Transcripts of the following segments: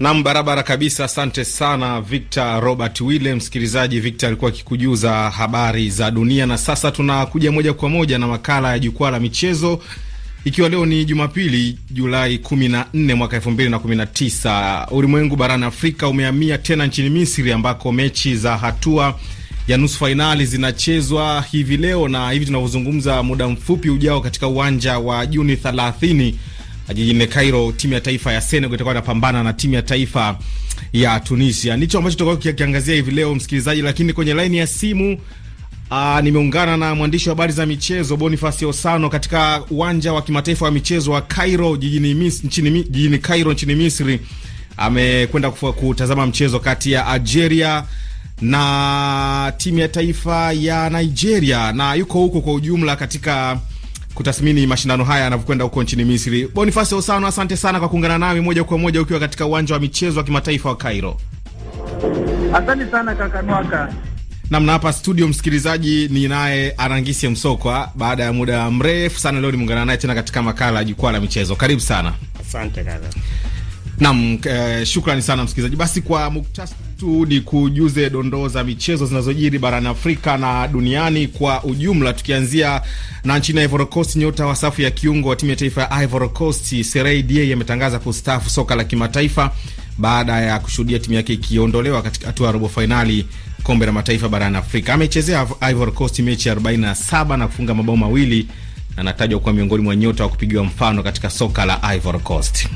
Nam barabara kabisa. Asante sana Victor Robert Wille. Msikilizaji, Victor alikuwa akikujuza habari za dunia, na sasa tunakuja moja kwa moja na makala ya jukwaa la michezo, ikiwa leo ni Jumapili Julai 14 mwaka 2019. Ulimwengu barani Afrika umehamia tena nchini Misri ambako mechi za hatua ya nusu fainali zinachezwa hivi leo na hivi tunavyozungumza, muda mfupi ujao katika uwanja wa Juni jijini Cairo, timu ya taifa ya Senegal itakuwa inapambana na timu ya taifa ya Tunisia. Ndicho ambacho tutakuwa kiangazia hivi leo, msikilizaji, lakini kwenye laini ya simu Aa, ah, nimeungana na mwandishi wa habari za michezo Boniface Osano katika uwanja wa kimataifa wa michezo wa Cairo jijini Misri, nchini, jijini Cairo nchini Misri. Amekwenda kutazama mchezo kati ya Algeria na timu ya taifa ya Nigeria na yuko huko kwa ujumla katika kutathmini mashindano haya yanavyokwenda huko nchini Misri. Bonifasi Osano, asante sana kwa kuungana nami moja kwa moja ukiwa katika uwanja wa michezo wa kimataifa wa Cairo. Asante sana kaka Nwaka. Namna hapa studio, msikilizaji, ni naye Arangisi Msokwa. Baada ya muda mrefu sana, leo nimeungana naye tena katika makala ya jukwaa la michezo. Karibu sana. Asante kaka. Naam, eh, shukrani sana msikilizaji. Basi kwa muktasari tu ni kujuze dondoo za michezo zinazojiri barani Afrika na duniani kwa ujumla, tukianzia na nchini Ivory Coast. Nyota wa safu ya kiungo wa timu ya taifa ya Ivory Coast Serey Die ametangaza kustaafu soka la kimataifa baada ya kushuhudia timu yake ikiondolewa katika hatua ya robo fainali kombe la mataifa barani Afrika. Amechezea Ivory Coast mechi 47 na kufunga mabao mawili, anatajwa kuwa miongoni mwa nyota wa kupigiwa mfano katika soka la Ivory Coast.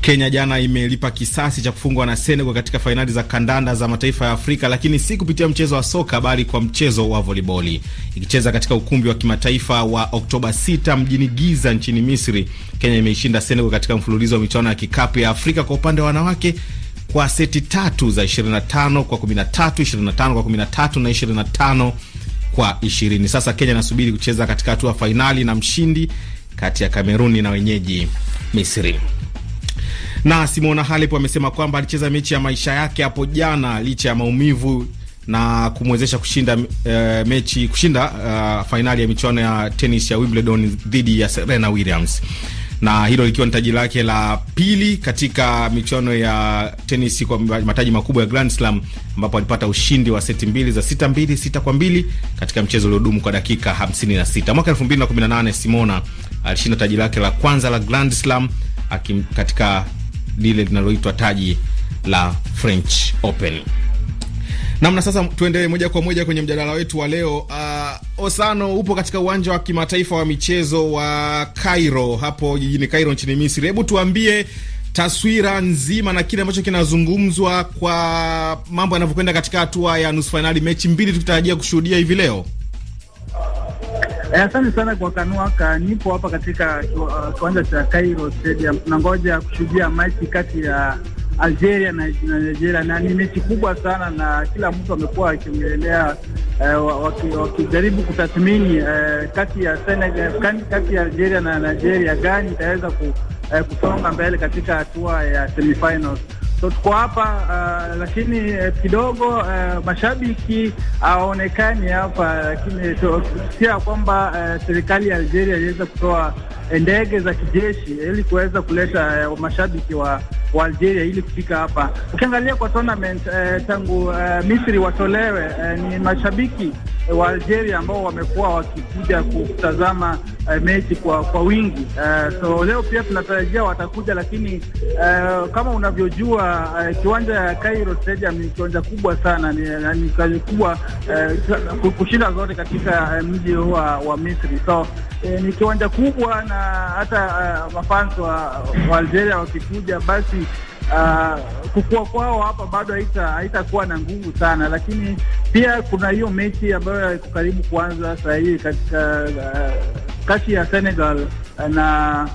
Kenya jana imelipa kisasi cha kufungwa na Senegal katika fainali za kandanda za mataifa ya Afrika, lakini si kupitia mchezo wa soka, bali kwa mchezo wa voliboli. Ikicheza katika ukumbi wa kimataifa wa Oktoba 6 mjini Giza nchini Misri, Kenya imeishinda Senegal katika mfululizo wa michuano ya kikapu ya Afrika kwa upande wa wanawake kwa seti tatu za 25 kwa 13, 25 kwa 13 na 25 kwa 20. Sasa Kenya inasubiri kucheza katika hatua fainali na mshindi kati ya Kameruni na wenyeji Misri. Na Simona Halep amesema kwamba alicheza mechi ya maisha yake hapo jana licha ya maumivu na kumwezesha kushinda uh, mechi kushinda uh, eh, fainali ya michuano ya tenis ya Wimbledon dhidi ya Serena Williams, na hilo likiwa ni taji lake la pili katika michuano ya tenis kwa mataji makubwa ya Grand Slam, ambapo alipata ushindi wa seti mbili za sita mbili sita kwa mbili katika mchezo uliodumu kwa dakika 56. Mwaka 2018 Simona alishinda taji lake la kwanza la Grand Slam akim, katika lile linaloitwa taji la French Open. Namna sasa, tuendelee moja kwa moja kwenye mjadala wetu wa leo. Uh, Osano, upo katika uwanja wa kimataifa wa michezo wa Cairo hapo jijini Cairo nchini Misri. Hebu tuambie taswira nzima na kile ambacho kinazungumzwa kwa mambo yanavyokwenda katika hatua ya nusu fainali, mechi mbili tukitarajia kushuhudia hivi leo. Eh, asante sana kwa Kanuaka. Nipo hapa katika uh, kiwanja cha Cairo Stadium, tunangoja kushuhudia mechi kati ya Algeria na Nigeria, na ni mechi kubwa sana, na kila mtu amekuwa akiongelea eh, wakijaribu kutathmini eh, kati ya Senegal, kati ya Algeria na Nigeria, gani itaweza ku, kusonga mbele katika hatua ya semifinals so tuko hapa uh, lakini kidogo uh, mashabiki hawaonekani hapa, lakini tusikia kwamba uh, serikali ya Algeria iliweza kutoa ndege za kijeshi ili kuweza kuleta uh, mashabiki wa, wa Algeria ili kufika hapa. Ukiangalia kwa tournament eh, tangu eh, Misri watolewe eh, ni mashabiki eh, wa Algeria ambao wamekuwa wakikuja kutazama eh, mechi kwa kwa wingi eh, so leo pia tunatarajia watakuja, lakini eh, kama unavyojua eh, kiwanja ya Cairo Stadium ni kiwanja kubwa sana, ni, eh, ni kazi kubwa eh, kushinda zote katika eh, mji wa, wa Misri so eh, ni kiwanja kubwa na hata uh, mafans wa, wa Algeria wakikuja basi uh, kukua kwao hapa bado haitakuwa na nguvu sana, lakini pia kuna hiyo mechi ambayo iko karibu kuanza sasa hivi katika uh, kati ya Senegal na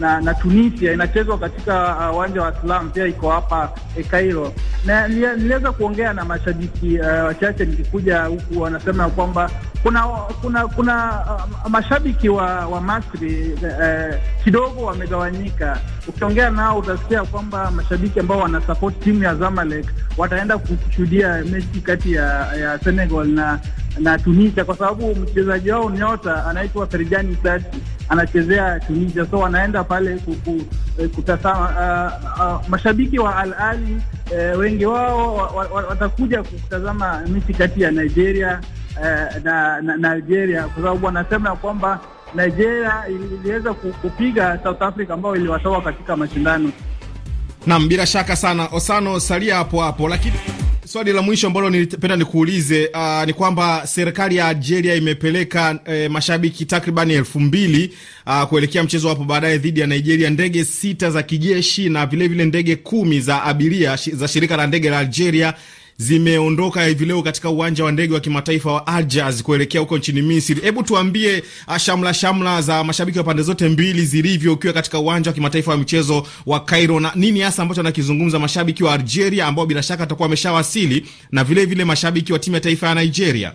na, na Tunisia inachezwa katika uh, uwanja uh, wa Slam pia iko hapa eh, Cairo, na niliweza kuongea na mashabiki uh, wachache uh, nikikuja huku, wanasema kwamba kuna kuna kuna uh, mashabiki wa, wa Masri uh, kidogo wamegawanyika. Ukiongea nao utasikia kwamba mashabiki ambao wanasupport timu ya Zamalek wataenda kushuhudia mechi kati ya, ya Senegal na na Tunisia kwa sababu mchezaji wao nyota anaitwa Ferjani Sati anachezea Tunisia, so wanaenda pale eh, kutazama. Uh, uh, mashabiki wa Al Ahly uh, eh, wengi wao watakuja wa, wa, wa kutazama mechi kati ya Nigeria uh, na, na, na Algeria kwa sababu wanasema ya kwamba Nigeria iliweza kupiga South Africa ambayo iliwatoa katika mashindano. Naam, bila shaka sana Osano, salia hapo hapo lakini Swali la mwisho ambalo nilipenda nikuulize uh, ni kwamba serikali ya Algeria imepeleka eh, mashabiki takribani elfu mbili uh, kuelekea mchezo hapo baadaye dhidi ya Nigeria, ndege sita za kijeshi na vilevile ndege kumi za abiria za shirika la ndege la Algeria zimeondoka hivi leo katika uwanja wa ndege wa kimataifa wa Algiers kuelekea huko nchini Misri. Hebu tuambie ah, shamla shamla za mashabiki wa pande zote mbili zilivyo, ukiwa katika uwanja wa kimataifa wa michezo wa Cairo, na nini hasa ambacho anakizungumza mashabiki wa Algeria ambao bila shaka atakuwa ameshawasili na vilevile vile mashabiki wa timu ya taifa ya Nigeria.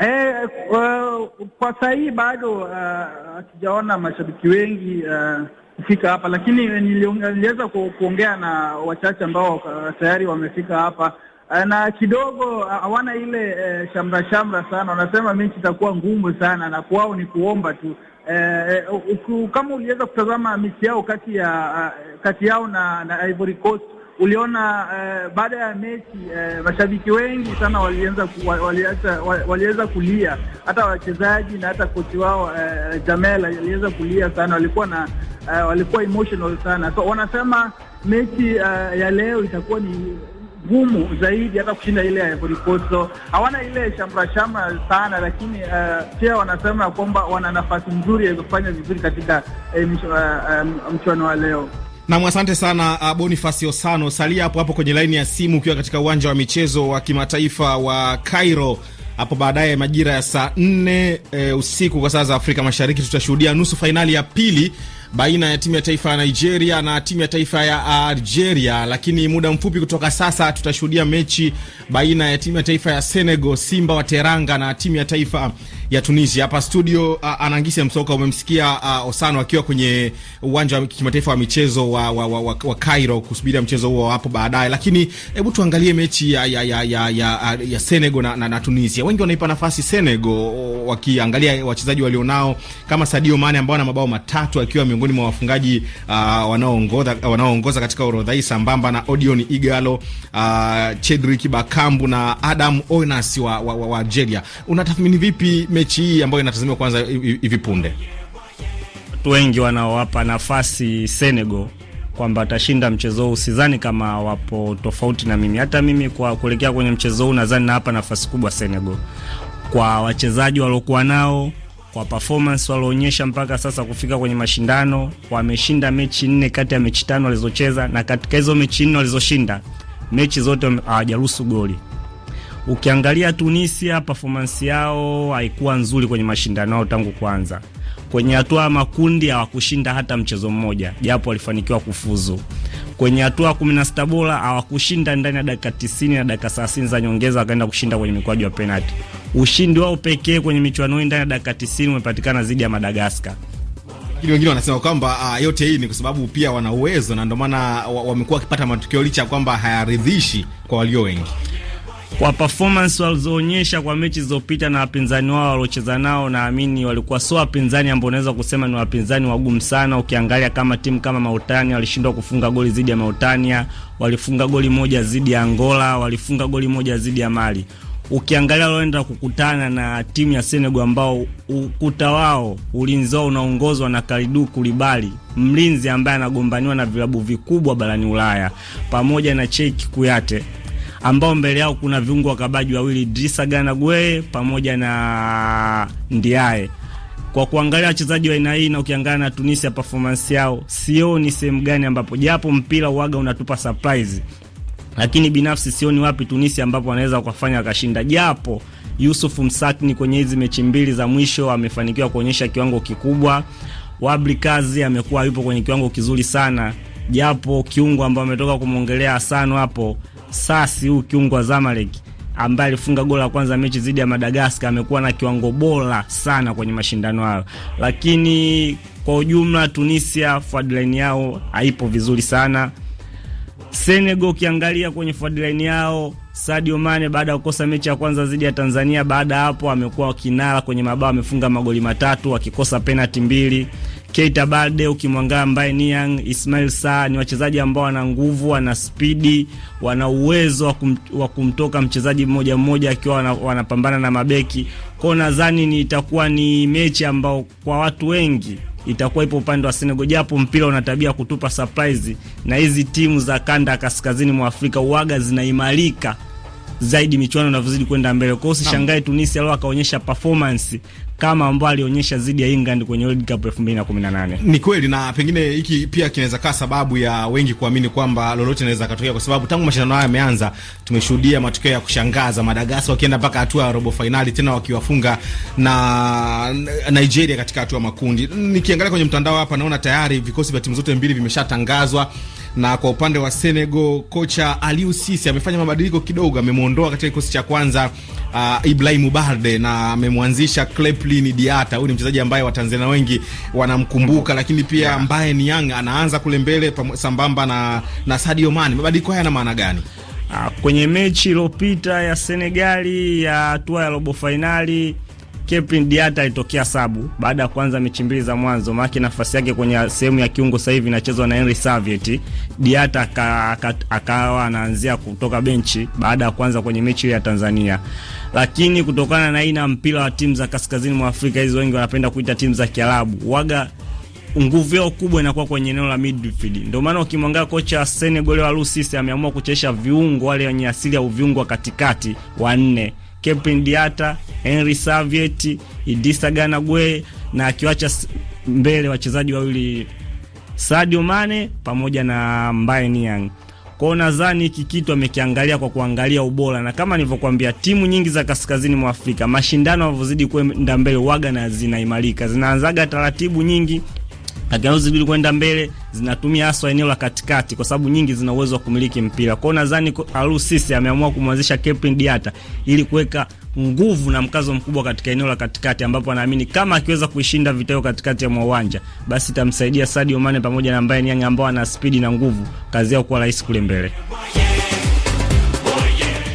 E, kwa, kwa saa bado ah, hatujaona uh, mashabiki wengi uh, fika hapa, lakini niliweza kuongea na wachache ambao uh, tayari wamefika hapa uh, na kidogo uh, hawana ile e, shamra shamra sana. Wanasema mechi itakuwa ngumu sana, na kwao ni kuomba tu e, uku, kama uliweza kutazama mechi yao kati ya kati yao na, na Ivory Coast uliona e, baada ya mechi e, mashabiki wengi sana walianza waliweza kulia, hata wachezaji na hata kochi wao e, Jamel aliweza kulia sana, walikuwa na uh, walikuwa emotional sana, so wanasema mechi uh, ya leo itakuwa ni ngumu zaidi hata kushinda ile ya Ivory Coast. So hawana ile shamra shamra sana, lakini uh, pia wanasema kwamba wana nafasi nzuri ya kufanya vizuri katika eh, mchuano wa leo. Nam, asante sana uh, Bonifasi Osano. Salia hapo hapo kwenye laini ya simu ukiwa katika uwanja wa michezo wa kimataifa wa Cairo hapo baadaye majira ya saa nne e, usiku kwa saa za Afrika Mashariki tutashuhudia nusu fainali ya pili baina ya timu ya taifa ya Nigeria na timu ya taifa ya Algeria, lakini muda mfupi kutoka sasa tutashuhudia mechi baina ya timu ya taifa ya Senegal, Simba wa Teranga na timu ya taifa ya Tunisia. Hapa studio uh, Anangise Msoka, umemsikia uh, Osano akiwa kwenye uwanja wa kimataifa wa michezo wa, wa, wa, wa, wa Cairo kusubiria mchezo huo hapo baadaye, lakini hebu tuangalie mechi ya, ya, ya, ya, ya, ya Senegal na, na, na Tunisia. Wengi wanaipa nafasi Senegal wakiangalia wachezaji walionao kama Sadio Mane ambao ana mabao matatu akiwa miongoni miongoni mwa wafungaji uh, wanaoongoza wanaoongoza katika orodha hii sambamba na Odion Igalo, uh, Chedrick Bakambu na Adam Onas wa, wa, wa Algeria. Unatathmini vipi mechi hii ambayo inatazamiwa kwanza hivi punde? Watu wengi wanaowapa nafasi Senegal kwamba atashinda mchezo huu, sidhani kama wapo tofauti na mimi. Hata mimi kwa kuelekea kwenye mchezo huu nadhani na hapa nafasi kubwa Senegal kwa wachezaji waliokuwa nao kwa performance walioonyesha mpaka sasa kufika kwenye mashindano. Wameshinda mechi nne kati ya mechi tano walizocheza, na katika hizo mechi nne walizoshinda mechi zote hawajaruhusu goli. Ukiangalia Tunisia, performance yao haikuwa nzuri kwenye mashindano yao tangu kwanza. Kwenye hatua ya makundi hawakushinda hata mchezo mmoja, japo walifanikiwa kufuzu kwenye hatua sita bora hawakushinda ndani ya dakika tisini na dakika 30 za nyongeza, wakaenda kushinda kwenye mikwaju ya penalti. Ushindi wao pekee kwenye michuano hii ndani ya dakika tisini umepatikana dhidi ya Madagaskar. wengine wanasema kwamba uh, yote hii ni kwa sababu pia wana uwezo na ndio maana wamekuwa wakipata matukio licha ya kwamba hayaridhishi kwa walio wengi kwa performance walizoonyesha kwa mechi zilizopita na wapinzani wao waliocheza nao, naamini walikuwa sio wapinzani ambao unaweza kusema ni wapinzani wagumu sana. Ukiangalia kama timu kama Mauritania walishindwa kufunga goli dhidi ya Mauritania, walifunga goli moja dhidi ya Angola, walifunga goli moja dhidi ya Mali. Ukiangalia walioenda kukutana na timu ya Senegal ambao ukuta wao ulinzi wao unaongozwa na Kalidou Koulibaly, mlinzi ambaye anagombaniwa na vilabu vikubwa barani Ulaya pamoja na Cheikh Kouyaté ambao mbele yao kuna viungo wakabaji wawili Drisa Gana Gueye pamoja na Ndiaye. Kwa kuangalia wachezaji wa aina hii na ukiangalia na Tunisia performance yao, sioni sehemu gani ambapo japo mpira uaga unatupa surprise, lakini binafsi sioni wapi Tunisia ambapo wanaweza wakafanya wakashinda, japo Yusuf Msakni kwenye hizi mechi mbili za mwisho amefanikiwa kuonyesha kiwango kikubwa. Wabri Kazi amekuwa yupo kwenye kiwango kizuri sana, japo kiungo ambao ametoka kumwongelea Asano hapo Sasi, huyu kiungo wa Zamalek ambaye alifunga goli la kwanza mechi dhidi ya Madagascar, amekuwa na kiwango bora sana kwenye mashindano hayo, lakini kwa ujumla Tunisia forward line yao haipo vizuri sana. Senegal ukiangalia kwenye forward line yao, Sadio Mane baada ya kukosa mechi ya kwanza dhidi ya Tanzania, baada hapo amekuwa kinara kwenye mabao, amefunga magoli matatu akikosa penalti mbili. Keita Balde, ambaye Mbaye Niang, Ismail sa ni wachezaji ambao wana nguvu, wana spidi, wana uwezo wa kum, kumtoka mchezaji mmoja mmoja akiwa wanapambana na mabeki kwao. Nadhani ni itakuwa ni mechi ambao kwa watu wengi itakuwa ipo upande wa Senegal, japo mpira una tabia kutupa surprise, na hizi timu za kanda ya kaskazini mwa Afrika uwaga zinaimarika zaidi michuano inavyozidi kwenda mbele. Kwa hiyo usishangae Tunisia leo akaonyesha performance kama ambao alionyesha zidi ya England kwenye World Cup 2018. Ni kweli na pengine hiki pia kinaweza kaa sababu ya wengi kuamini kwamba lolote linaweza kutokea kwa sababu tangu mashindano haya yameanza tumeshuhudia matokeo ya kushangaza, Madagascar wakienda mpaka hatua ya robo finali tena wakiwafunga na Nigeria katika hatua makundi. Nikiangalia kwenye mtandao hapa naona tayari vikosi vya timu zote mbili vimeshatangazwa. Na kwa upande wa Senegal, kocha Aliou Cisse amefanya mabadiliko kidogo, amemwondoa katika kikosi cha kwanza uh, Ibrahim Barde na amemwanzisha kleplin Diata. Huyu ni mchezaji ambaye Watanzania wengi wanamkumbuka, lakini pia yeah. Mbaye Niang anaanza kule mbele sambamba na, na Sadio Mane. Mabadiliko haya yana maana gani? Ah, kwenye mechi iliyopita ya Senegali ya hatua ya robo fainali Kepin Diata alitokea sabu baada ya kuanza mechi mbili za mwanzo, maana nafasi yake kwenye sehemu ya kiungo sasa hivi inachezwa na Henry Saviet. Diata akawa anaanzia kutoka benchi baada ya kuanza kwenye mechi ya Tanzania, lakini kutokana na aina mpira wa timu za kaskazini mwa Afrika hizo, wengi wanapenda kuita timu za Kiarabu waga nguvu yao kubwa inakuwa kwenye eneo la midfield. Ndio maana ukimwangalia kocha wa Senegal wa Lusis ameamua kuchesha viungo wale wenye asili ya uviungo wa katikati wanne Kepin Diata, Henry Saviet, Idisa Gana na akiwacha mbele wachezaji wawili Sadio Mane pamoja na Mbaye Niang. Kwao nadhani hiki kitu amekiangalia kwa kuangalia ubora, na kama nilivyokuambia, timu nyingi za kaskazini mwa Afrika mashindano yanavyozidi kwenda mbele, waga na zinaimarika, zinaanzaga taratibu nyingi lakini zilizozidi kwenda mbele zinatumia haswa eneo la katikati kwa sababu nyingi zina uwezo wa kumiliki mpira. Kwao nadhani Aliou Cisse ameamua kumwanzisha Crepin Diata ili kuweka nguvu na mkazo mkubwa katika eneo la katikati ambapo anaamini kama akiweza kuishinda vitao katikati ya mwa uwanja basi itamsaidia Sadio Mane pamoja na Mbaye Niang ambao ana spidi na nguvu, kazi yao kuwa rahisi kule mbele.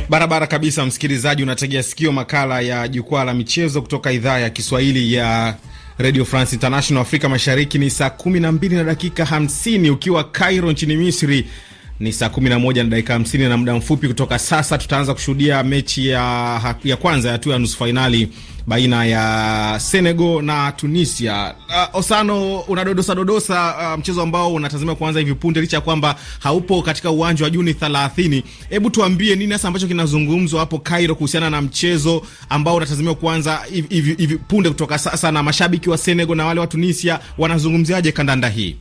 Barabara kabisa, msikilizaji, unategea sikio makala ya jukwaa la michezo kutoka idhaa ya Kiswahili ya Radio France International Afrika Mashariki ni saa kumi na mbili na dakika hamsini ukiwa Cairo nchini Misri ni saa kumi na dakika hamsini na muda mfupi kutoka sasa tutaanza kushuhudia mechi ya, ya kwanza ya hatua ya nusu fainali baina ya Senegal na Tunisia. Uh, Osano, unadodosa dodosa uh, mchezo ambao unatazamia kuanza hivi punde, licha ya kwamba haupo katika uwanja wa Juni 30. Hebu tuambie nini hasa ambacho kinazungumzwa hapo Cairo kuhusiana na mchezo ambao unatazamiwa kuanza hivi hivi punde kutoka sasa, na mashabiki wa Senegal na wale wa Tunisia wanazungumziaje kandanda hii?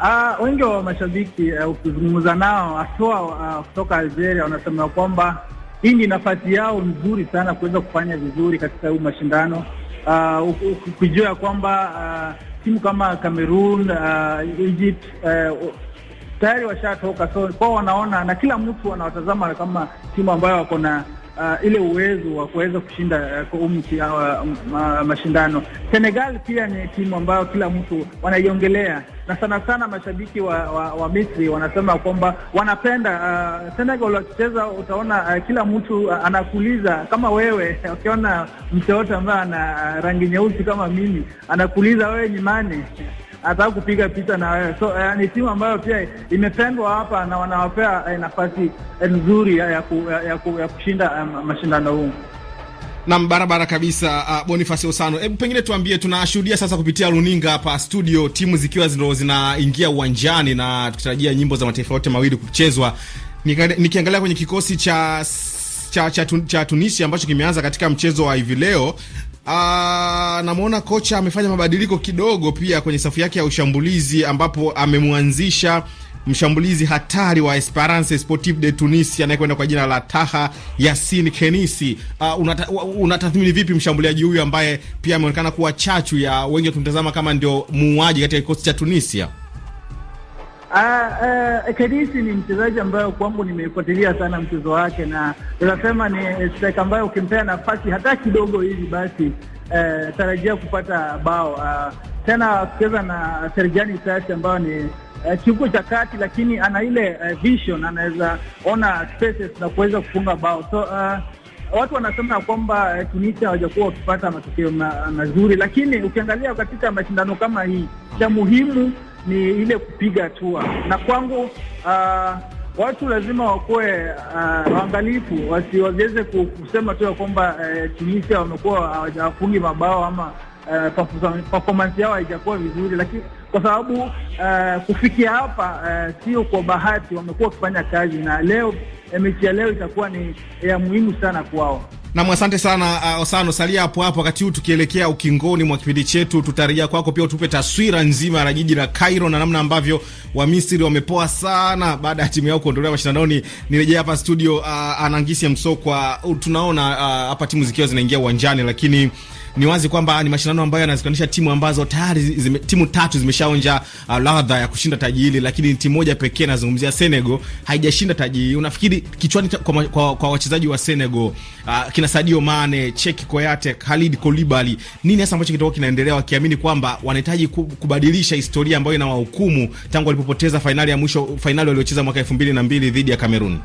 Uh, wengi wa mashabiki uh, ukizungumza nao haswa uh, kutoka Algeria wanasema kwamba hii ni nafasi yao nzuri sana kuweza kufanya vizuri katika huu mashindano ah, ukijua kujua ya kwamba uh, timu kama Cameroon uh, Egypt uh, tayari washatoka, so kwao wanaona na kila mtu anawatazama kama timu ambayo wako na uh, ile uwezo wa kuweza kushinda uh, umchi uh, mashindano. Senegal pia ni timu ambayo kila mtu wanaiongelea na sana sana mashabiki wa, wa, wa Misri wanasema kwamba wanapenda uh, Senegal wakicheza, utaona uh, kila mtu uh, anakuuliza kama wewe ukiona mtu yoyote ambaye ana uh, rangi nyeusi kama mimi anakuuliza wewe ni nani? hata kupiga picha na wewe. So eh, ni timu ambayo pia imependwa hapa na wanawapea eh, nafasi eh, nzuri ya, ya, ku, ya, ya, ku, ya kushinda eh, mashindano huu. Nam barabara kabisa. Uh, ah, Boniface Osano, hebu pengine tuambie, tunashuhudia sasa kupitia runinga hapa studio timu zikiwa ndo zinaingia uwanjani na tukitarajia nyimbo za mataifa yote mawili kuchezwa. Nikiangalia kwenye kikosi cha cha cha, cha, cha Tunisia ambacho kimeanza katika mchezo wa hivi leo Ah, namwona kocha amefanya mabadiliko kidogo pia kwenye safu yake ya ushambulizi, ambapo amemwanzisha mshambulizi hatari wa Esperance Sportive de Tunisia anayekwenda kwa jina la Taha Yasin Kenisi. Uh, ah, unatathmini una vipi mshambuliaji huyu ambaye pia ameonekana kuwa chachu ya wengi tunatazama kama ndio muuaji katika kikosi cha Tunisia? Ah, ah, Kedisi ni mchezaji ambayo kwangu nimefuatilia sana mchezo wake, na tunasema ni striker ambayo ukimpea nafasi hata kidogo hivi, basi uh, tarajia kupata bao uh, tena akicheza na Serjani Sasi ambayo ni eh, kiungo cha kati lakini ana ile uh, vision anaweza ona spaces na kuweza kufunga bao. So uh, watu wanasema ya kwamba Tunisia hawajakuwa wakipata matokeo mazuri, lakini ukiangalia katika mashindano kama hii cha muhimu ni ile kupiga hatua, na kwangu uh, watu lazima wakuwe uh, waangalifu, wasiweze kusema tu ya kwamba uh, Tunisia wamekuwa hawajafungi uh, mabao ama uh, performance yao haijakuwa vizuri, lakini kwa sababu uh, kufikia hapa uh, sio kwa bahati, wamekuwa wakifanya kazi, na leo mechi ya leo itakuwa ni ya muhimu sana kwao. Nam, asante sana uh, Osano, salia hapo hapo. Wakati huu tukielekea ukingoni mwa kipindi chetu, tutarejea kwako pia utupe taswira nzima ya jiji la Cairo na namna ambavyo Wamisri wamepoa sana baada ya timu yao kuondolewa mashindanoni. Nirejea hapa studio, uh, Anangisi ya Msokwa, tunaona uh, hapa uh, timu zikiwa zinaingia uwanjani, lakini ni wazi kwamba ni mashindano ambayo yanazikanisha timu ambazo tayari zime, timu tatu zimeshaonja uh, ladha ya kushinda taji hili, lakini timu moja pekee nazungumzia Senegal haijashinda taji hili. Unafikiri kichwani kwa, kwa, kwa wachezaji wa Senegal uh, kina Sadio Mane, Cheki Koyate, Khalid Koulibaly, nini hasa ambacho kitakuwa kinaendelea wakiamini kwamba wanahitaji kubadilisha historia ambayo inawahukumu tangu walipopoteza fainali ya mwisho, fainali waliocheza mwaka 2002 dhidi ya Kamerun?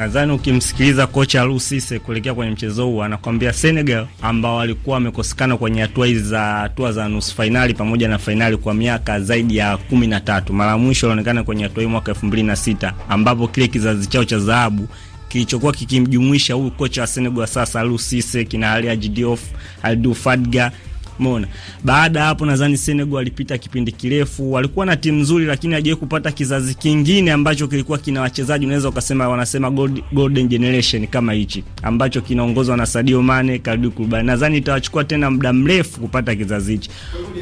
nadhani ukimsikiliza kocha Lusise kuelekea kwenye mchezo huu anakwambia Senegal ambao walikuwa wamekosekana kwenye hatua hizi za hatua za nusu fainali pamoja na fainali kwa miaka zaidi ya kumi na tatu. Mara mwisho alionekana kwenye hatua hii mwaka elfu mbili na sita ambapo kile kizazi chao cha dhahabu kilichokuwa kikimjumuisha huyu kocha wa Senegal sasa Lusise kina Ali Diouf, aldufadga Fadiga Umeona? Baada hapo nadhani Senegal alipita kipindi kirefu, walikuwa na timu nzuri lakini hajawahi kupata kizazi kingine ambacho kilikuwa kina wachezaji unaweza ukasema wanasema gold, golden generation kama hichi ambacho kinaongozwa na Sadio Mane, Kalidou Koulibaly. Nadhani itawachukua tena muda mrefu kupata kizazi hichi.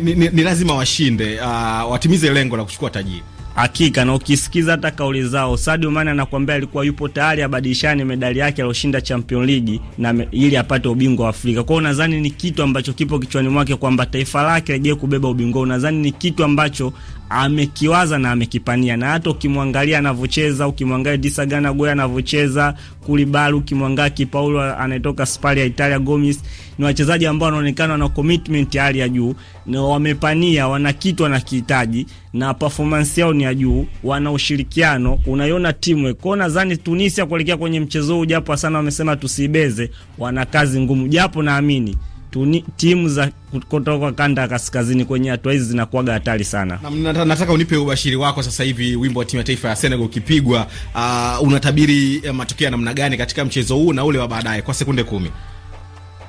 Ni, ni, ni lazima washinde, uh, watimize lengo la kuchukua tajiri. Hakika na ukisikiza hata kauli zao, Sadio Mane anakuambia alikuwa yupo tayari abadilishane medali yake aliyoshinda Champions League na ili apate ubingwa wa Afrika. Kwa hiyo nadhani ni kitu ambacho kipo kichwani mwake kwamba taifa lake lije kubeba ubingwa. Nadhani ni kitu ambacho amekiwaza na amekipania, na hata ukimwangalia anavyocheza, ukimwangalia Disagana Goya anavyocheza, Kulibalu, ukimwangalia Kipaulo anayetoka Spali ya Italia, Gomis, ni wachezaji ambao wanaonekana wana commitment ya hali ya juu, na wamepania, wana kitu wanakihitaji, na performance yao ni ya juu, wana ushirikiano, unaiona timu kwao. Nadhani Tunisia kuelekea kwenye mchezo huu, japo sana wamesema tusibeze, wana kazi ngumu, japo naamini tuni, timu za kutoka kanda ya kaskazini kwenye hatua hizi zinakuwaga hatari sana. Na, nataka unipe ubashiri wako sasa hivi, wimbo wa timu ya taifa ya Senegal ukipigwa, uh, unatabiri eh, matokeo ya namna gani katika mchezo huu na ule wa baadaye kwa sekunde kumi?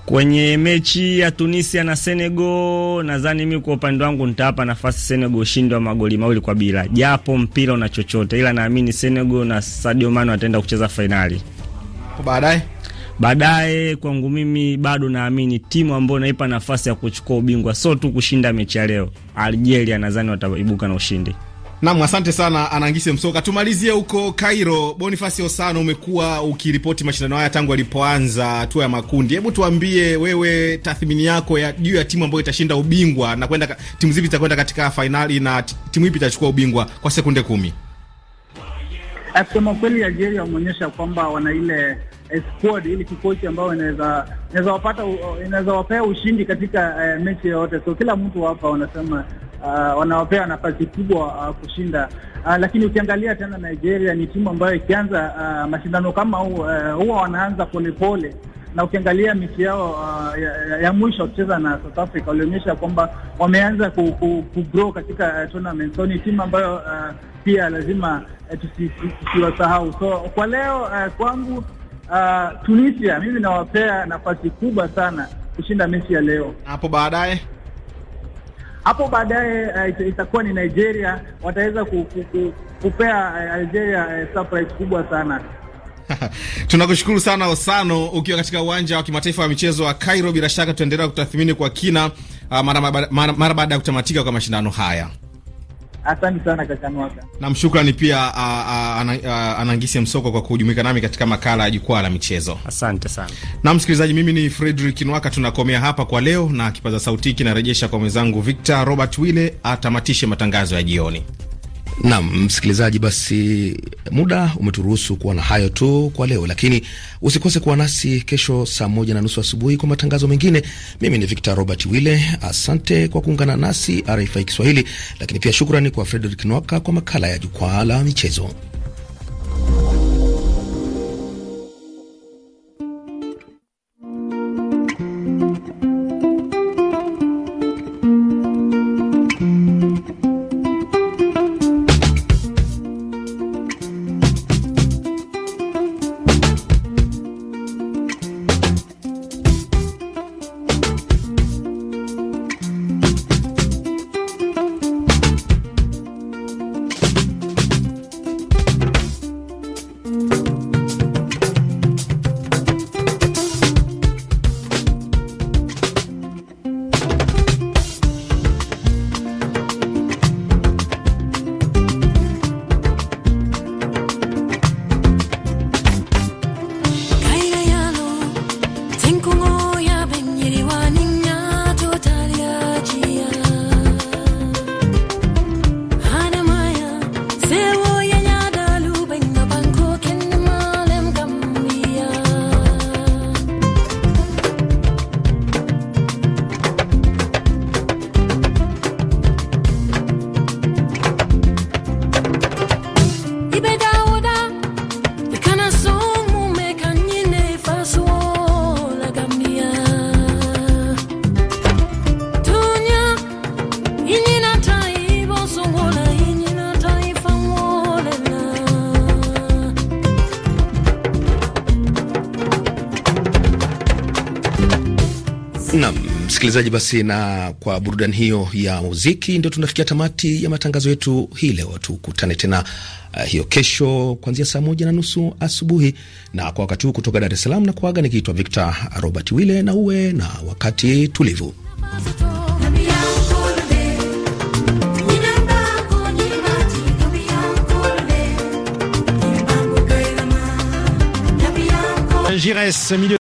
Kwenye mechi ya Tunisia na Senegal, nadhani mimi kwa upande wangu nitawapa nafasi Senegal ushindi wa magoli mawili kwa bila, japo mpira una chochote, ila naamini Senegal na Sadio Mane wataenda kucheza fainali baadaye Baadaye kwangu mimi bado naamini timu ambayo naipa nafasi ya kuchukua ubingwa sio tu kushinda mechi ya leo. Algeria nadhani wataibuka na ushindi. Nam, asante sana Anangise Msoka. Tumalizie huko Cairo. Bonifasi Osano, umekuwa ukiripoti mashindano haya tangu yalipoanza hatua ya makundi. Hebu tuambie wewe tathmini yako ya juu ya timu ambayo itashinda ubingwa na kwenda, timu zipi zitakwenda katika fainali na timu ipi itachukua ubingwa kwa sekunde kumi? Kusema kweli, Algeria wameonyesha kwamba wana ile Eh, squad ili kikosi ambao inaweza inaweza wapata inaweza wapea ushindi katika uh, mechi yoyote. So kila mtu hapa wanasema uh, wanawapea nafasi kubwa uh, kushinda uh, lakini ukiangalia tena Nigeria ni timu ambayo ikianza uh, mashindano kama huu uh, huwa wanaanza polepole na ukiangalia mechi yao uh, ya, ya mwisho kucheza na South Africa walionyesha kwamba wameanza ku, ku, ku grow katika uh, tournament. So ni timu ambayo uh, pia lazima uh, tusiwasahau. So kwa leo uh, kwangu uh, Tunisia mimi nawapea nafasi kubwa sana kushinda mechi ya leo. Hapo baadaye hapo baadaye uh, itakuwa ni Nigeria, wataweza ku, ku, ku, kupea eh, Algeria uh, surprise kubwa sana. Tunakushukuru sana Osano, ukiwa katika uwanja wa kimataifa wa michezo wa Cairo. Bila shaka tutaendelea kutathmini kwa kina uh, mara baada ya kutamatika kwa mashindano haya. Asante sana kaka Mwaka. Nam shukrani pia Anangisi Msoko kwa kujumuika nami katika makala ya jukwaa la michezo. Asante sana. Na msikilizaji, mimi ni fredrik Nwaka, tunakomea hapa kwa leo na kipaza sauti kinarejesha kwa mwenzangu Victor Robert wille atamatishe matangazo ya jioni. Naam, msikilizaji, basi muda umeturuhusu kuwa na hayo tu kwa leo, lakini usikose kuwa nasi kesho saa moja na nusu asubuhi kwa matangazo mengine. Mimi ni Victor Robert Wille, asante kwa kuungana nasi RFI Kiswahili, lakini pia shukrani kwa Frederick Nwaka kwa makala ya jukwaa la michezo. Msikilizaji, basi na kwa burudani hiyo ya muziki ndio tunafikia tamati ya matangazo yetu hii leo. Tukutane tena uh, hiyo kesho kuanzia saa moja na nusu asubuhi. Na kwa wakati huu kutoka Dar es Salaam na kuaga nikiitwa Victor Robert Wille, na uwe na wakati tulivu.